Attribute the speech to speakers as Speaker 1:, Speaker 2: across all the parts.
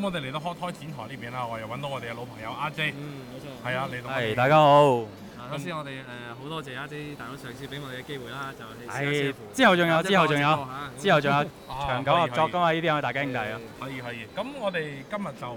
Speaker 1: 咁我哋嚟到 Hot Toys 展台呢邊啦，我又搵到我哋嘅老朋友阿 J 嗯，係啊、嗯，你同，Hey, 大家好。首先我哋誒好多謝一啲大佬上次俾我哋嘅機會啦，就誒之後仲有，之後仲有，之後仲有，有長久合作噶嘛？呢啲我哋大家兄弟，啊，可以可以。咁我哋今日就誒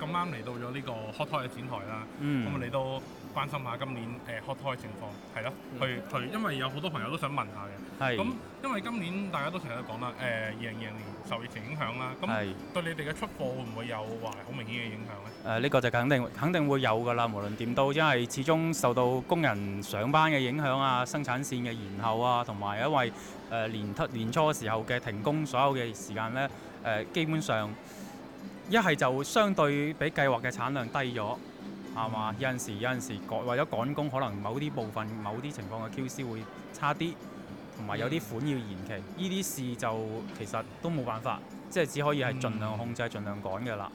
Speaker 1: 咁啱嚟到咗呢個 Hot Toys 嘅展台啦，嗯，咁嚟、呃嗯、都關心一下今年誒、呃、Hot Toys 嘅情況，係咯，去、嗯、去、嗯，因為有好多朋友都想問下嘅，係咁，因為今年大家都成日都講啦，誒二零二零年受疫情影響啦，係對你哋嘅出貨會唔會有話好明顯嘅影響
Speaker 2: 咧？誒呢個就肯定肯定會有噶啦，無論點都，因為始終受到到工人上班嘅影響啊，生產線嘅延後啊，同埋因為誒、呃、年、年初嘅時候嘅停工，所有嘅時間呢，誒、呃、基本上一係就相對比計劃嘅產量低咗，係、嗯、嘛？有陣時有陣時為咗趕工，可能某啲部分、某啲情況嘅 QC 會差啲，同埋有啲款要延期，呢、嗯、啲事就其實都冇辦法，即係只可以係儘量控制、儘量趕嘅啦。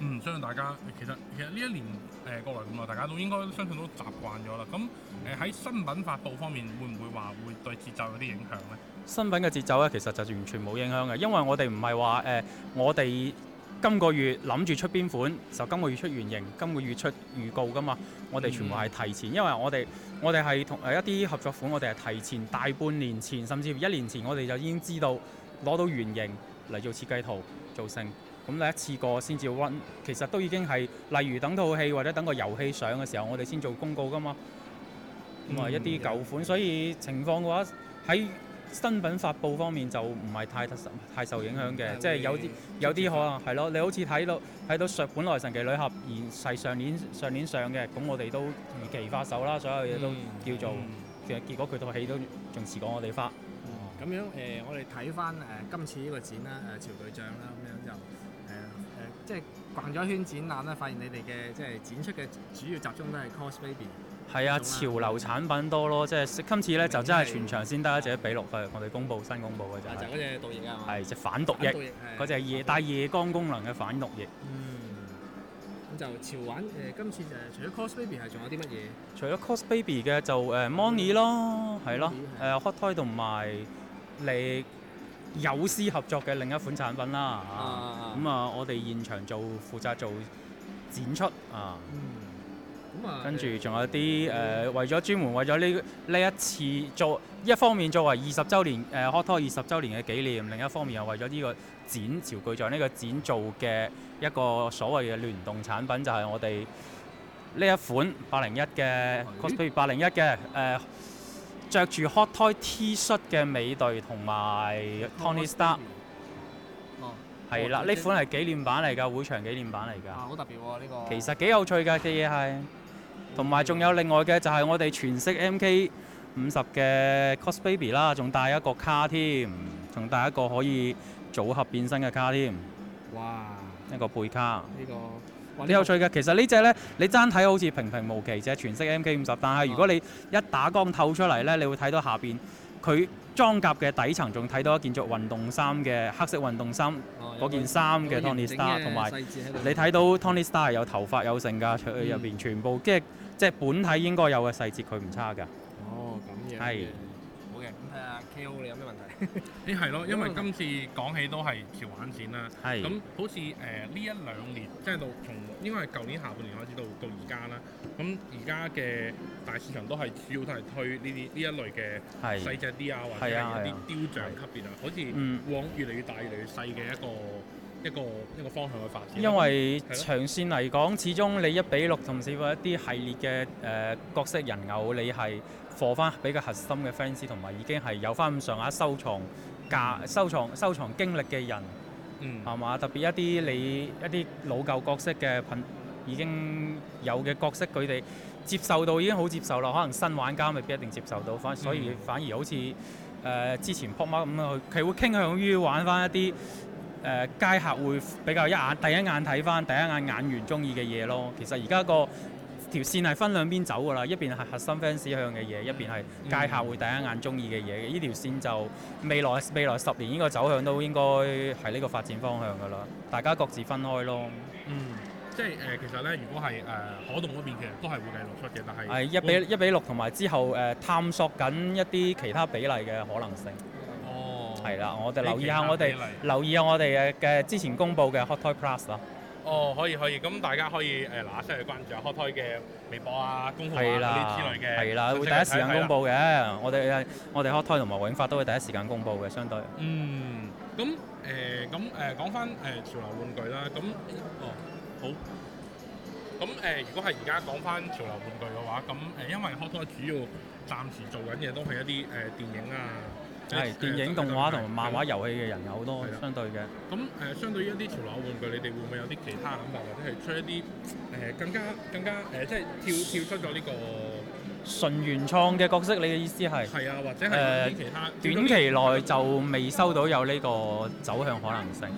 Speaker 1: 嗯，相信大家其實其實呢一年、呃、過來咁耐，大家都應該相信都習慣咗啦。咁誒喺新品發布方面，會唔會話會對節奏有啲影響咧？
Speaker 2: 新品嘅節奏咧，其實就完全冇影響嘅，因為我哋唔係話誒，我哋今個月諗住出邊款，就今個月出原型，今個月出預告噶嘛。我哋全部係提前、嗯，因為我哋我哋係同誒一啲合作款，我哋係提前大半年前，甚至一年前，我哋就已經知道攞到原型嚟做設計圖做成。咁、嗯、你一次過先至温，其實都已經係，例如等套戲或者等個遊戲上嘅時候，我哋先做公告㗎嘛。咁啊，一啲舊款，所以情況嘅話，喺新品發布方面就唔係太太受影響嘅、嗯，即係有啲有啲可能係咯。你好似睇到睇到本來神奇女俠，而係上，上年上年上嘅，咁我哋都如期發售啦，所有嘢都叫做其實、嗯、結果佢套戲都仲遲過我哋發。咁樣
Speaker 1: 誒，我哋睇翻誒今次呢個展啦，誒潮巨匠啦咁樣。即係逛咗一圈展覽咧，發現你哋嘅即係展出嘅主要集中都係 Cos Baby、
Speaker 2: 啊。係啊，潮流產品多咯，即係今次咧就真係全場先得一隻比，就一俾落去我哋公布新公布嘅就係、是。嗰隻毒液啊嘛。係隻、就是、反毒液，嗰隻嘢帶夜光功能嘅反毒液。嗯。
Speaker 1: 咁就潮玩誒、呃，今次就誒除咗 Cos Baby 係
Speaker 2: 仲有啲乜嘢？除咗 Cos Baby 嘅就誒、呃、Money 咯，係、嗯、咯，誒、啊啊啊、Hot Toy 同埋你。有私合作嘅另一款產品啦，咁啊，啊，、嗯、啊，我哋現場做負責做展出啊，嗯、跟住仲有啲誒、嗯呃，為咗專門為咗呢呢一次做，一方面作為二十週年誒 Hot Toys 二十週年嘅紀念，另一方面又為咗呢個展潮巨匠呢、這個展做嘅一個所謂嘅聯動產品，就係、是、我哋呢一款八零一嘅，譬如八零一嘅誒。着住 Hot Toys T 恤嘅美隊同埋 Tony Stark，係啦，呢、啊啊、款係紀念版嚟㗎，會場紀念版嚟㗎。
Speaker 1: 好、啊、特別呢、啊這個。其
Speaker 2: 實幾有趣㗎嘅嘢係，同埋仲有另外嘅就係我哋全色 MK 五十嘅 Cos Baby 啦，仲帶一個卡添，仲帶一個可以組合變身嘅卡添。
Speaker 1: 哇！
Speaker 2: 一個背卡呢、
Speaker 1: 這個。幾有趣
Speaker 2: 嘅，其實呢隻呢，你單睇好似平平無奇啫，全色 M K 五十。但係如果你一打光透出嚟呢，你會睇到下邊佢裝甲嘅底層，仲睇到一件著運動衫嘅黑色運動衫嗰、哦、件衫嘅 Tony Star，同埋你睇到 Tony Star 有頭髮有剩㗎，入面全部、嗯、即係即係本體應該有嘅細節，佢唔差㗎。哦，咁樣。係。
Speaker 1: 你有咩
Speaker 2: 問題？你係咯，因為今
Speaker 1: 次講起都係潮玩展啦。係。咁好似誒呢一兩年，即係到從應該係舊年下半年開始到到而家啦。咁而家嘅大市場都係主要都係推呢啲呢一類嘅細隻啲啊，或者係啲雕像級別啊，好似往越嚟越大越嚟越細嘅一個。嗯嗯一個一個方向去發展，因為長
Speaker 2: 線嚟講，始終你一比六同埋一啲系列嘅誒、呃、角色人偶，你係貨翻比較核心嘅 fans，同埋已經係有翻咁上下收藏價、收藏收藏經歷嘅人，嗯，係嘛？特別一啲你一啲老舊角色嘅品已經有嘅角色，佢哋接受到已經好接受啦。可能新玩家未必一定接受到，反、嗯、所以反而好似誒、呃、之前 Pop Mart 咁樣，佢會傾向於玩翻一啲。誒、呃、街客會比較一眼第一眼睇返第一眼眼緣中意嘅嘢咯。其實而家、嗰個條線係分兩邊走㗎啦，一邊係核心 fans 向嘅嘢，一邊係街客會第一眼中意嘅嘢。呢、嗯、條線就未來未來十年呢個走向都應該係呢個發展方向㗎啦。大家各自分開咯。嗯，
Speaker 1: 即係誒、呃，其實咧，如果係誒、呃、可動嗰邊，其實都係會繼續出嘅，但係係一比一
Speaker 2: 比六，同埋之後誒、呃、探索緊一啲其他比例嘅可能性。係啦，我哋留意一下，我哋留意下我哋嘅嘅之前公布嘅 Hot Toys Plus 啦。
Speaker 1: 哦，可以可以，咁大家可以誒嗱一聲去關注下 Hot Toys 嘅微博啊、公號啊嗰啲之類嘅。係啦，會第一時間公布
Speaker 2: 嘅。我哋我哋 Hot Toys 同埋永發都會第一時間公布嘅，相對。嗯，
Speaker 1: 咁誒咁誒講翻誒潮流玩具啦。咁哦好。咁誒、呃，如果係而家講翻潮流玩具嘅話，咁誒、呃、因為 Hot Toys 主要暫時做緊嘅都係一啲誒、呃、電影啊。
Speaker 2: 係電影、動畫同漫畫、遊戲嘅人有好多，相對嘅。
Speaker 1: 咁誒，相對於一啲潮流玩具，你哋會唔會有啲其他諗法？或者係出一啲誒更加更加誒，即係跳
Speaker 2: 跳出咗呢個純原創嘅角色？你嘅意思係係啊，或者係其他。短期內就未收到有呢個走向可能性。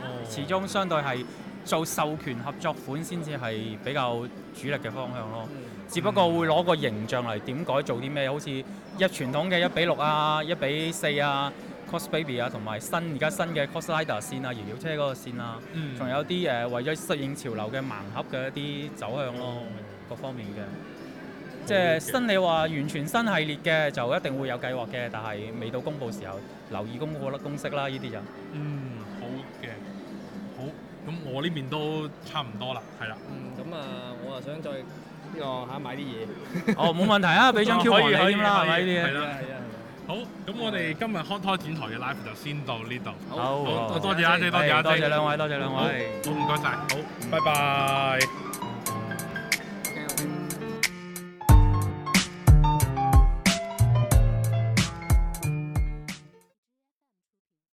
Speaker 2: 哦，始終相對係。做授權合作款先至係比較主力嘅方向咯，只不過會攞個形象嚟點改造啲咩，好似一傳統嘅一比六啊、一比四啊、COS Baby 啊，同埋新而家新嘅 COS Rider 線啊、搖搖車嗰個線啊，仲有啲誒、啊、為咗適應潮流嘅盲盒嘅一啲走向咯，各方面嘅。即係新你話完全新系列嘅就一定會有計劃嘅，但係未到公布時候，留意公布啦、公式啦，呢啲就嗯。咁我呢邊都差唔多啦，係啦。嗯，咁啊，我啊
Speaker 1: 想再呢、呢個嚇買啲嘢。 哦，冇問題啊，俾張 Q 牌 俾你啦，係咪？呢啲係啦，係啦。好，咁我哋今日 HotToys 展台嘅 live 就先到呢度。好，多謝阿、啊、姐，多謝阿、啊、多，多謝兩位，多謝兩位，好唔該晒，好，謝謝好、嗯，拜拜。嗯。